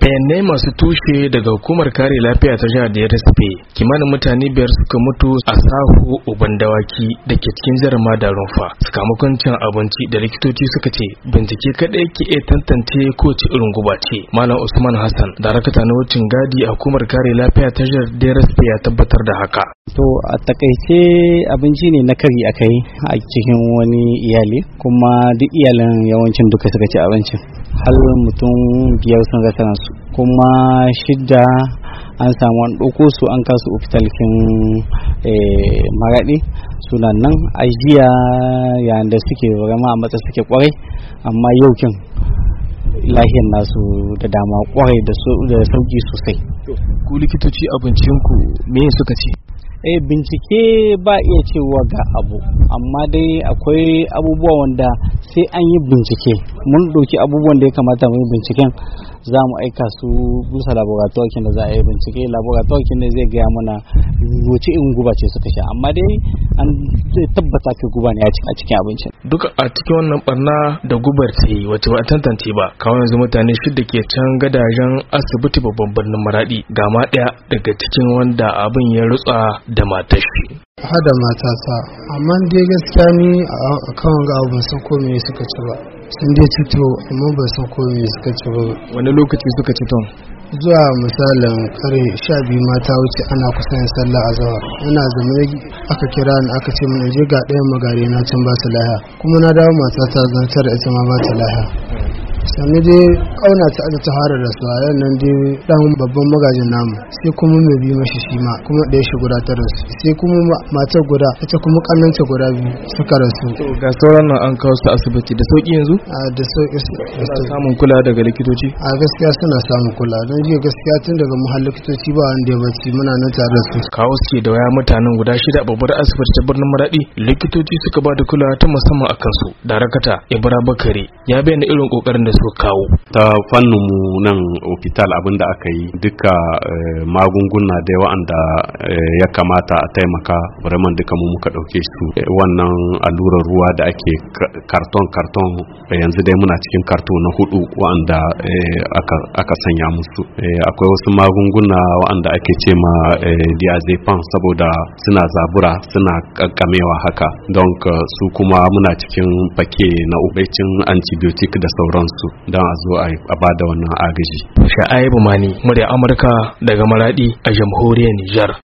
bayanai masu tushe daga hukumar kare lafiya ta jihar da ya kimanin mutane biyar suka mutu a sahu uban dawaki da ke cikin jarama da rumfa sakamakon cin abinci da likitoci suka ce bincike kadai ke iya tantance ko ci irin guba ce malam usman hassan darakta na wucin gadi a hukumar kare lafiya ta jihar da ya tabbatar da haka to a takaice abinci ne na kari a kai a cikin wani iyali kuma duk iyalin yawancin duka suka ci abincin har mutum biyar sun rasa kuma shidda an samu an ɗauko su an kasu ofitalkin eh, maraɗi sunan nan ajiya yayin da suke rama a matsa suke kwarai amma yau kin lahiyar nasu da dama kwarai da sauki sosai ku likitoci abincinku me suka ce eh bincike ba iya cewa ga abu amma dai akwai abubuwa wanda sai an yi bincike mun ɗauki abubuwan da ya kamata mu yi binciken za mu aika su busa laboratoire da za a yi bincike laboratoire ne zai gaya mana wace irin guba ce suka sha amma dai an tabbata ka guba ne a cikin abincin duka a cikin wannan barna da gubar ta yi wace ba tantance ba kawai yanzu mutane shida ke can gadajen asibiti babban birnin maradi ga ma daya daga cikin wanda abin ya rutsa da matar shi hada matasa amma dai gaskiya ni a kan ga abin sun kome suka ci ba sun dai cito amma ba sun kome suka ci ba wani lokaci suka ci ton zuwa misalin kare sha biyu mata wuce ana kusa yin sallah a zawar ina zamani aka kira ni aka ce mana je ga ɗayan magare na can ba su laha kuma na dawo matata zantar ita ma ba su laha sannu dai kauna ta da ta fara da yan nan dai dan babban magajin namu sai kuma mai bi mashi shi ma kuma ɗaya shi guda ta rasu sai kuma matar guda ita kuma kannanta guda biyu suka rasu ga sauran nan an kawo su asibiti da sauki yanzu a da sauki su samun kula daga likitoci a gaskiya suna samun kula don jiya gaskiya tun daga muhallin likitoci ba wanda ya bacci muna nan tare da su kawo da waya mutanen guda shida babbar asibiti ta birnin maradi likitoci suka ba da kula ta musamman a kansu darakata ibra bakare ya bayyana irin kokarin da da suka kawo ta fannin mu nan ofital abinda da aka yi duka eh, magunguna da wa'anda eh, ya kamata a taimaka vraiment duka mu muka dauke su eh, wannan allurar ruwa da ake karton karton yanzu dai muna cikin karto na hudu wa'anda aka sanya musu akwai wasu magunguna wa'anda ake ce ma diazepam saboda suna zabura suna kakkamewa haka don su kuma muna cikin fake na ubecin antibiotic da sauransu su don a zo a ba da wannan agaji sha'aibu mani murya amurka daga maradi a jamhuriyar nijar